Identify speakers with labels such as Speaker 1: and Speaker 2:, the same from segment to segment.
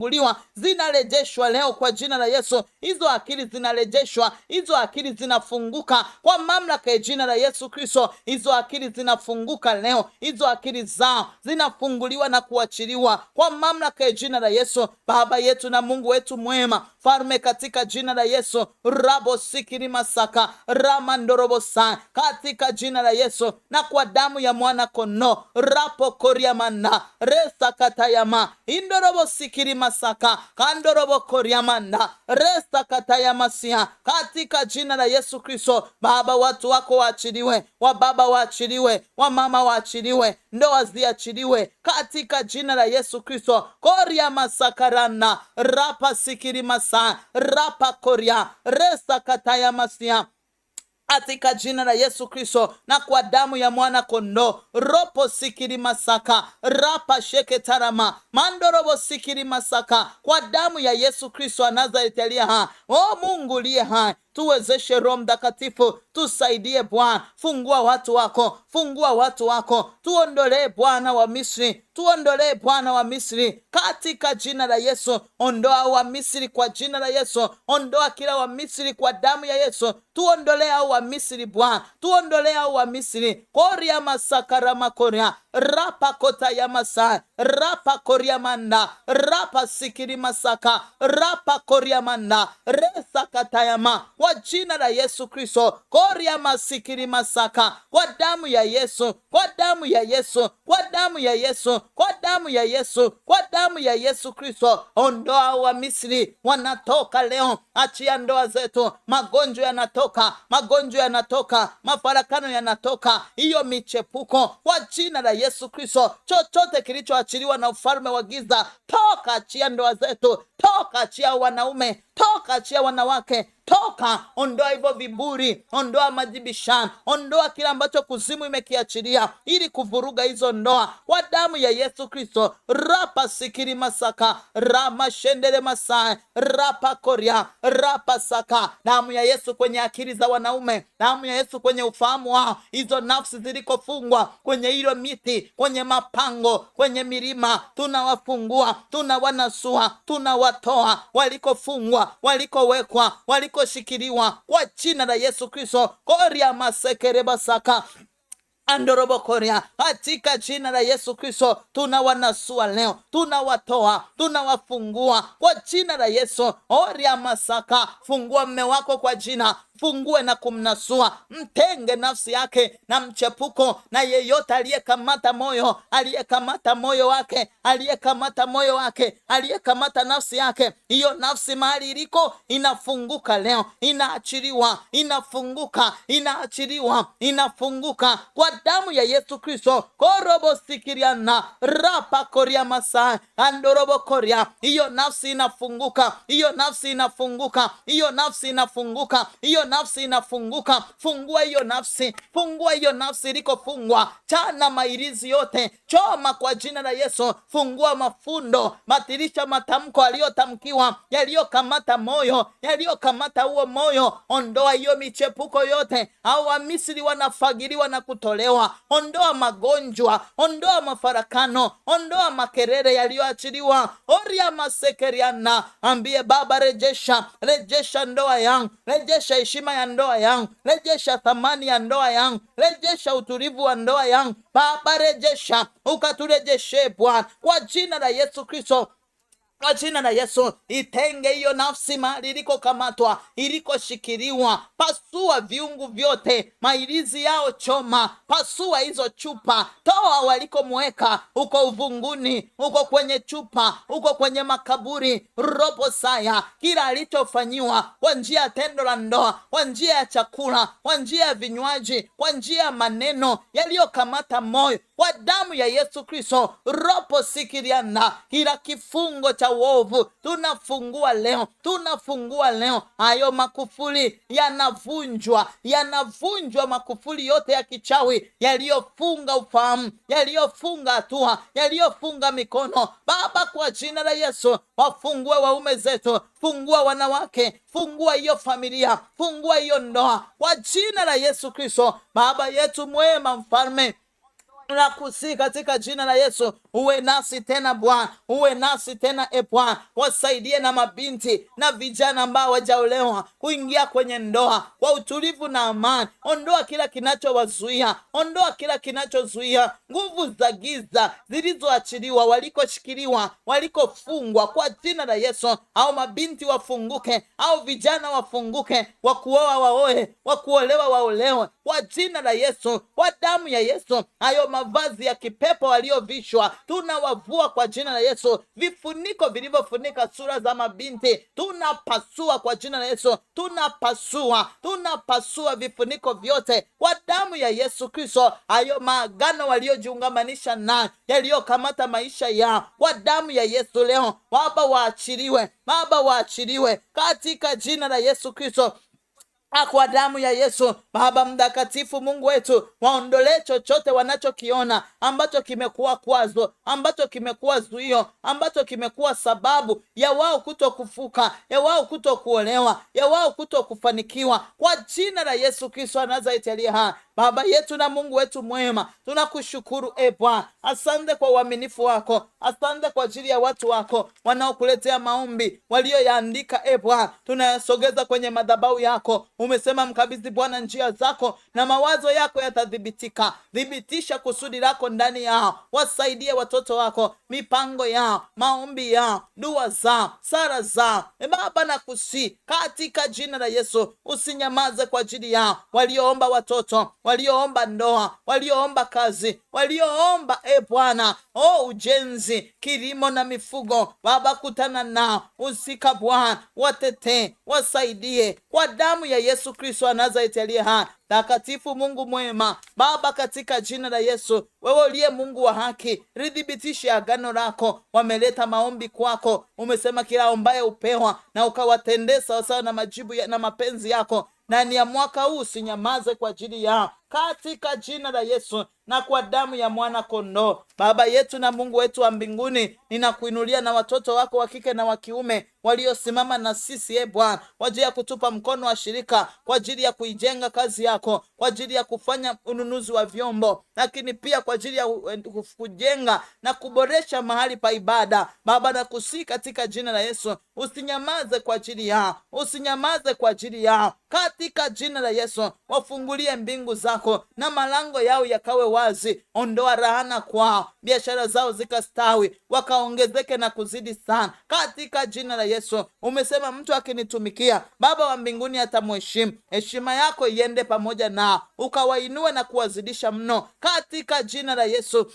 Speaker 1: kuliwa zinarejeshwa leo kwa jina la Yesu. Hizo akili zinarejeshwa, hizo akili zinafunguka kwa mamlaka ya jina la Yesu Kristo. Hizo akili zinafunguka leo, hizo akili zao zinafunguliwa na kuachiliwa kwa mamlaka ya jina la Yesu. Baba yetu na Mungu wetu mwema farme katika jina la Yesu rabo sikiri masaka rama ndorobo ndorobosa, katika jina la Yesu na kwa damu ya mwana kono rapo koriamana resa katayama indorobo sikiri masaka kandorobo koriamana resa katayamasia, katika jina la Yesu Kristo. Baba, watu wako waachiliwe, wababa waachiliwe, wamama waachiliwe, ndoa ziachiliwe katika jina la Yesu Kristo. koria masakarana rapa sikiri masaka masa koria resa masia katika jina la Yesu Kristo na kwa damu ya mwana kondo ropo sikiri masaka rapa sheke tarama mandorobo sikiri masaka kwa damu ya Yesu Kristo wa ha O Mungu liye hai tuwezeshe Roho Mtakatifu, tusaidie Bwana, fungua watu wako, fungua watu wako, tuondolee Bwana wa Misri, tuondolee Bwana wa Misri katika jina la Yesu. Ondoa wa Misri kwa jina la Yesu, ondoa kila wa Misri kwa damu ya Yesu. Tuondolee au wa Misri Bwana, tuondolee au wa Misri koria masakara makoria rapa kota ya masa rapa koria manda rapa sikiri masaka rapa koria manda resa katayama kwa jina la Yesu Kristo, koria masikiri masaka, kwa damu ya Yesu, kwa damu ya Yesu, kwa damu ya Yesu, kwa damu ya Yesu, kwa damu ya Yesu Kristo. Ondoa wa Misri wanatoka leo, achia ndoa zetu, magonjwa yanatoka, magonjwa yanatoka, mafarakano yanatoka, hiyo michepuko, kwa jina la Yesu Kristo. Chochote kilichoachiliwa na ufalme wa giza, toka, achia ndoa zetu, toka, achia wanaume, toka, achia wanawake toka, ondoa hivyo viburi, ondoa majibishano, ondoa kila ambacho kuzimu imekiachilia ili kuvuruga hizo ndoa kwa damu ya Yesu Kristo. rapa sikiri masaka rama shendele masai rapa koria rapa saka, damu ya Yesu kwenye akili za wanaume, damu ya Yesu kwenye ufahamu wao, hizo nafsi zilikofungwa kwenye hilo miti, kwenye mapango, kwenye milima, tunawafungua tunawanasua, tunawatoa walikofungwa, walikowekwa, waliko yanakoshikiliwa kwa jina la Yesu Kristo koria andorobo korea katika jina la Yesu Kristo, tunawanasua leo, tunawatoa, tunawafungua kwa jina la Yesu. Oria masaka, fungua mme wako kwa jina mfungue na kumnasua, mtenge nafsi yake na mchepuko na yeyote aliyekamata moyo, aliyekamata moyo wake, aliyekamata moyo wake, aliyekamata nafsi yake. Hiyo nafsi mahali iliko inafunguka leo, inaachiliwa, inafunguka, inaachiliwa, inafunguka kwa damu ya Yesu Kristo. korobo sikiriana rapa koria masa andorobo koria. Hiyo nafsi inafunguka, hiyo nafsi inafunguka, hiyo nafsi inafunguka, hiyo nafsi inafunguka. Fungua hiyo nafsi, fungua hiyo nafsi ilikofungwa. Chana mairizi yote, choma kwa jina la Yesu. Fungua mafundo, matirisha, matamko aliyotamkiwa, yaliyokamata moyo, yaliyokamata huo moyo. Ondoa hiyo michepuko yote. Au Wamisri wanafagiliwa na kutolewa. Ondoa magonjwa, ondoa mafarakano, ondoa makerere yaliyoachiliwa. oria masekeriana, ambie Baba, rejesha, rejesha ndoa yangu, rejesha ishi heshima ya ndoa yangu, rejesha thamani ya ndoa yangu, rejesha utulivu wa ndoa yangu. Baba, rejesha, ukaturejeshe Bwana, kwa jina la Yesu Kristo. Kwa jina la Yesu, itenge hiyo nafsi mahali ilikokamatwa, ilikoshikiliwa. Pasua viungu vyote, mailizi yao choma, pasua hizo chupa, toa walikomweka uko uvunguni, uko kwenye chupa, uko kwenye makaburi robo saya. Kila alichofanyiwa kwa njia ya tendo la ndoa, kwa njia ya chakula, kwa njia ya vinywaji, kwa njia ya maneno yaliyokamata moyo, kwa damu ya Yesu Kristo robo sikiliana, kila kifungo cha za uovu, tunafungua leo, tunafungua leo. Hayo makufuli yanavunjwa, yanavunjwa, makufuli yote ya kichawi yaliyofunga ufahamu, yaliyofunga hatua, yaliyofunga mikono. Baba, kwa jina la Yesu, wafungue waume zetu, fungua wanawake, fungua hiyo familia, fungua hiyo ndoa, kwa jina la Yesu Kristo. Baba yetu mwema, mfalme, na kusii katika jina la Yesu Uwe nasi tena Bwana, uwe nasi tena e Bwana, wasaidie na mabinti na vijana ambao wajaolewa kuingia kwenye ndoa kwa utulivu na amani. Ondoa kila kinachowazuia, ondoa kila kinachozuia nguvu za giza zilizoachiliwa, walikoshikiliwa, walikofungwa kwa jina la Yesu. Au mabinti wafunguke, au vijana wafunguke, wakuoa waoe, wakuolewa waolewe, kwa jina la Yesu, kwa damu ya Yesu. Hayo mavazi ya kipepo waliovishwa tunawavua kwa jina la Yesu vifuniko vilivyofunika sura za mabinti, tunapasua kwa jina la Yesu, tunapasua, tunapasua vifuniko vyote kwa damu ya Yesu Kristo. Hayo maagano waliojiungamanisha na yaliyokamata maisha yao kwa damu ya Yesu leo, Baba waachiliwe, Baba waachiliwe katika jina la Yesu Kristo. Ha, ah, kwa damu ya Yesu Baba mtakatifu, Mungu wetu, waondolee chochote wanachokiona ambacho kimekuwa kwazo, ambacho kimekuwa zuio, ambacho kimekuwa sababu ya wao kuto kufuka, ya wao kuto kuolewa, ya wao kuto kufanikiwa, kwa jina la Yesu Kristo wa Nazareti aliye hai. Baba yetu na Mungu wetu mwema, tunakushukuru e Bwana, asante kwa uaminifu wako, asante kwa ajili ya watu wako wanaokuletea maombi walioyaandika e Bwana, tunayasogeza kwenye madhabahu yako Umesema mkabidhi Bwana njia zako na mawazo yako yatathibitika. Thibitisha kusudi lako ndani yao, wasaidie watoto wako mipango yao, maombi yao, dua zao, sara zao. E Baba, kusi katika jina la Yesu, usinyamaze kwa ajili yao walioomba watoto, walioomba ndoa, walioomba kazi, walioomba e Bwana o ujenzi, kilimo na mifugo. Baba, kutana nao usika Bwana, watetee, wasaidie kwa damu ya Yesu Kristo wa Nazareti aliye hai Takatifu Mungu mwema, Baba, katika jina la Yesu, wewe uliye Mungu wa haki, lidhibitishe agano lako. Wameleta maombi kwako, umesema kila ombaye upewa, na ukawatendea sawasawa na majibu ya, na mapenzi yako. Ndani ya mwaka huu usinyamaze kwa ajili yao katika jina la Yesu na kwa damu ya mwana kondoo. Baba yetu na Mungu wetu wa mbinguni, ninakuinulia na watoto wako wa kike na wa kiume waliosimama na sisi, e Bwana, kwa ajili ya kutupa mkono wa shirika, kwa ajili ya kuijenga kazi yako, kwa ajili ya kufanya ununuzi wa vyombo, lakini pia kwa ajili ya kujenga na kuboresha mahali pa ibada. Baba nakusihi katika jina la Yesu, usinyamaze kwa ajili yao, usinyamaze kwa ajili yao, katika jina la Yesu wafungulie mbingu zako wako na malango yao yakawe wazi. Ondoa laana kwao, biashara zao zikastawi, wakaongezeke na kuzidi sana, katika jina la Yesu. Umesema mtu akinitumikia, Baba wa mbinguni atamheshimu. Heshima yako iende pamoja nao, ukawainue na kuwazidisha mno, katika jina la Yesu,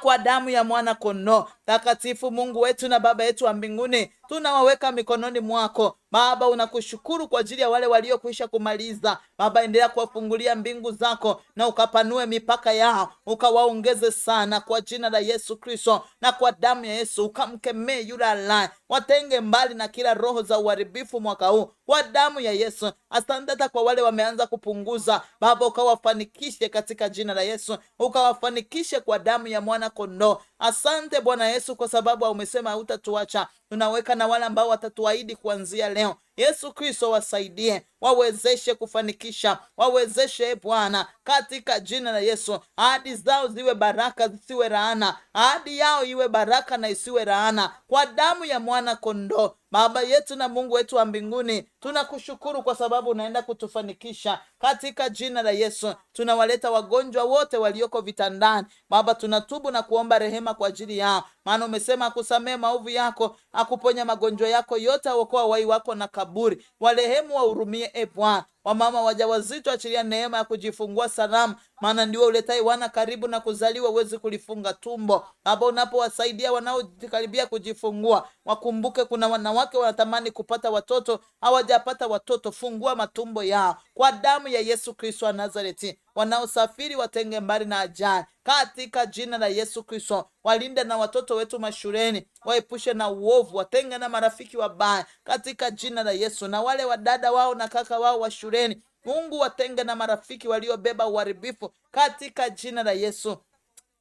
Speaker 1: kwa damu ya mwana kondoo takatifu. Mungu wetu na Baba yetu wa mbinguni tunawaweka mikononi mwako. Baba, unakushukuru kwa ajili ya wale waliokwisha kumaliza. Baba, endelea kuwafungulia mbingu zako na ukapanue mipaka yao, ukawaongeze sana, kwa jina la Yesu Kristo na kwa damu ya Yesu. Ukamkemee yule alaye, watenge mbali na kila roho za uharibifu mwaka huu kwa damu ya Yesu. Asante hata kwa wale wameanza kupunguza, Baba ukawafanikishe katika jina la Yesu, ukawafanikishe kwa damu ya mwana kondoo. Asante Bwana Yesu kwa sababu umesema hutatuacha. Tunaweka na wale ambao watatuahidi kuanzia leo Yesu Kristo, wasaidie, wawezeshe kufanikisha, wawezeshe e Bwana, katika jina la Yesu. Ahadi zao ziwe baraka, zisiwe laana. Ahadi yao iwe baraka na isiwe laana, kwa damu ya mwana kondoo. Baba yetu na Mungu wetu wa mbinguni, tunakushukuru kwa sababu unaenda kutufanikisha katika jina la Yesu. Tunawaleta wagonjwa wote walioko vitandani, Baba, tunatubu na kuomba rehema kwa ajili yao, maana umesema akusamehe maovu yako, akuponya magonjwa yako yote, aokoa wai wako na makaburi, warehemu, wahurumie e Bwana. Wamama wajawazito, achilia neema ya kujifungua salamu, maana ndio uletai wana karibu na kuzaliwa. Uwezi kulifunga tumbo hapo. Unapowasaidia wanaokaribia kujifungua, wakumbuke kuna wanawake wanatamani kupata watoto, hawajapata watoto. Fungua matumbo yao kwa damu ya Yesu Kristo wa Nazareti. Wanaosafiri watenge mbali na ajali katika jina la Yesu Kristo. Walinde na watoto wetu mashuleni, waepushe na uovu, watenge na marafiki wabaya katika jina la Yesu, na wale wadada wao na kaka wao wa shuleni. Mungu watenge na marafiki waliobeba uharibifu katika jina la Yesu.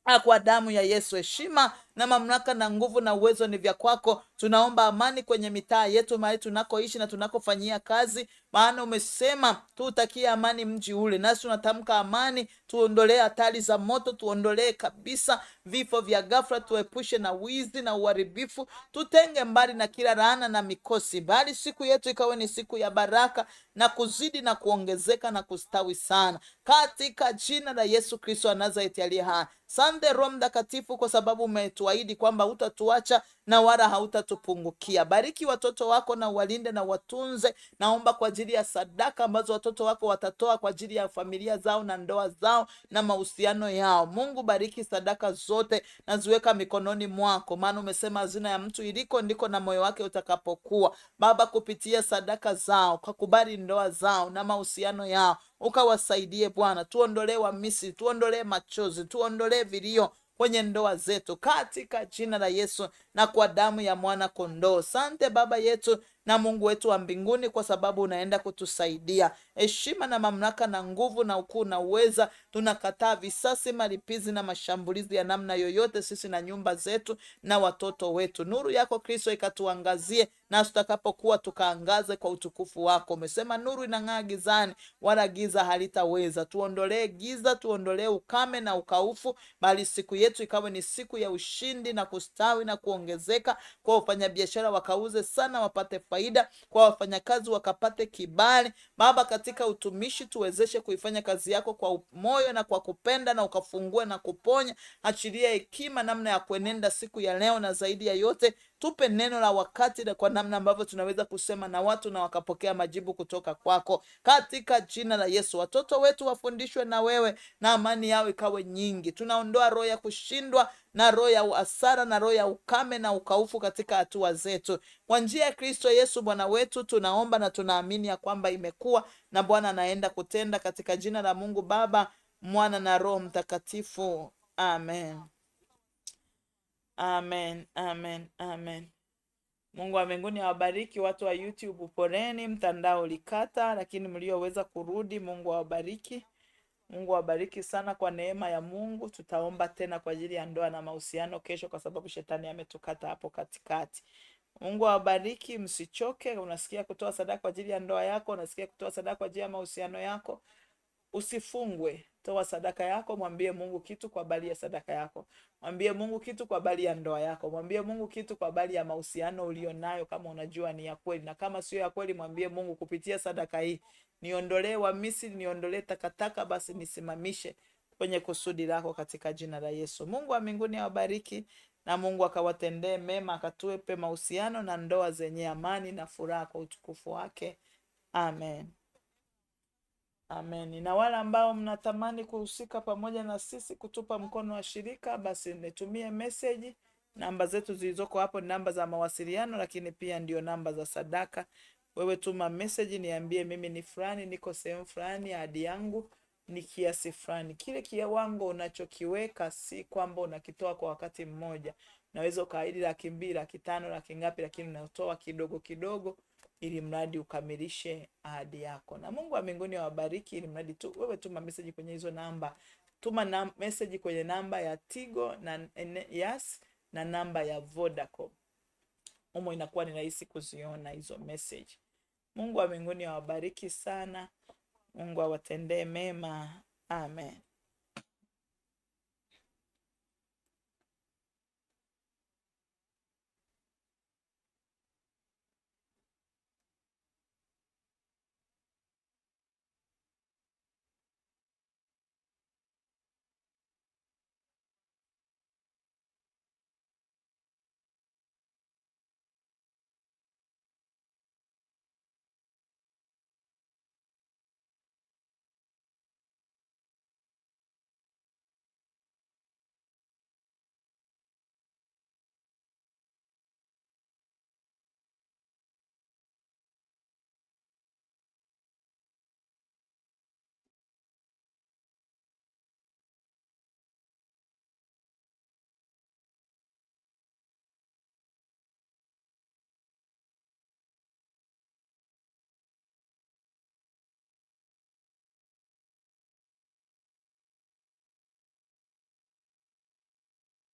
Speaker 1: Ah, kwa damu ya Yesu, heshima na mamlaka na nguvu na uwezo ni vya kwako. Tunaomba amani kwenye mitaa yetu, mahali tunakoishi na tunakofanyia kazi maana umesema tuutakie amani mji ule, nasi tunatamka amani. Tuondolee hatari za moto, tuondolee kabisa vifo vya ghafla, tuepushe na wizi na uharibifu, tutenge mbali na kila laana na mikosi, bali siku yetu ikawe ni siku ya baraka na kuzidi na kuongezeka na kustawi sana, katika jina la Yesu Kristo wa Nazareti aliye hai. Sante Roho Mtakatifu, kwa sababu umetuahidi kwamba hutatuacha na wala hautatupungukia. Bariki watoto wako na uwalinde na watunze. Naomba kwa ajili ya sadaka ambazo watoto wako watatoa kwa ajili ya familia zao na ndoa zao na mahusiano yao. Mungu, bariki sadaka zote, naziweka mikononi mwako, maana umesema hazina ya mtu iliko ndiko na moyo wake utakapokuwa. Baba, kupitia sadaka zao, kakubali ndoa zao na mahusiano yao, ukawasaidie Bwana. Tuondolee wamisi, tuondolee machozi, tuondolee vilio kwenye ndoa zetu katika jina la Yesu na kwa damu ya mwana kondoo. Sante Baba yetu na Mungu wetu wa mbinguni, kwa sababu unaenda kutusaidia. Heshima na mamlaka na nguvu na ukuu na uweza, tunakataa visasi, malipizi na mashambulizi ya namna yoyote, sisi na nyumba zetu na watoto wetu. Nuru yako Kristo ikatuangazie na tutakapokuwa tukaangaze kwa utukufu wako. Umesema nuru inang'aa gizani, wala giza halitaweza. Tuondolee giza, tuondolee ukame na ukaufu, bali siku yetu ikawe ni siku ya ushindi na kustawi na kuongezeka, kwa wafanyabiashara wakauze sana, wapate faida kwa wafanyakazi, wakapate kibali. Baba, katika utumishi tuwezeshe kuifanya kazi yako kwa moyo na kwa kupenda, na ukafungue na kuponya. Achilia hekima namna ya kuenenda siku ya leo, na zaidi ya yote tupe neno la wakati na kwa namna ambavyo tunaweza kusema na watu na wakapokea majibu kutoka kwako, katika jina la Yesu. Watoto wetu wafundishwe na wewe, na amani yao ikawe nyingi. Tunaondoa roho ya kushindwa na roho ya hasara na roho ya ukame na ukaufu katika hatua zetu. Kwa njia ya Kristo Yesu Bwana wetu tunaomba na tunaamini ya kwamba imekuwa na Bwana anaenda kutenda katika jina la Mungu Baba, Mwana na Roho Mtakatifu. Amen.
Speaker 2: Amen, amen, amen. Mungu wa mbinguni awabariki watu wa YouTube. Poreni, mtandao ulikata, lakini mlioweza kurudi, Mungu awabariki. Mungu awabariki sana kwa neema ya Mungu. Tutaomba tena kwa ajili ya ndoa na mahusiano kesho, kwa sababu shetani ametukata hapo katikati. Mungu awabariki, msichoke. Unasikia kutoa sadaka kwa ajili ya ndoa yako, unasikia kutoa sadaka kwa ajili ya mahusiano yako, usifungwe. Toa sadaka yako, mwambie Mungu kitu kwa habari ya sadaka yako, mwambie Mungu kitu kwa habari ya ndoa yako, mwambie Mungu kitu kwa habari ya mahusiano ulionayo, kama unajua ni ya kweli, na kama sio ya kweli, mwambie Mungu kupitia sadaka hii niondolee wa Wamisri, niondolee takataka, basi nisimamishe kwenye kusudi lako katika jina la Yesu. Mungu wa mbinguni awabariki na Mungu akawatendee mema, akatupe mahusiano na ndoa zenye amani na furaha kwa utukufu wake. Amen. Amen. Na wale ambao mnatamani kuhusika pamoja na sisi kutupa mkono wa shirika, basi nitumie meseji. Namba zetu zilizoko hapo ni namba za mawasiliano, lakini pia ndio namba za sadaka. Wewe tuma message niambie, mimi ni fulani, niko sehemu fulani, ahadi yangu ni kiasi fulani. Kile kiwango unachokiweka si kwamba unakitoa kwa wakati mmoja. Naweza ukaahidi laki mbili, laki tano, laki ngapi, lakini unatoa kidogo kidogo, ili mradi ukamilishe ahadi yako. Na Mungu wa mbinguni awabariki, ili mradi tu wewe tuma message kwenye hizo namba. Tuma na message kwenye namba ya Tigo na yes, na namba ya Vodacom. Humo inakuwa ni rahisi kuziona hizo message. Mungu wa mbinguni awabariki sana. Mungu awatendee mema. Amen.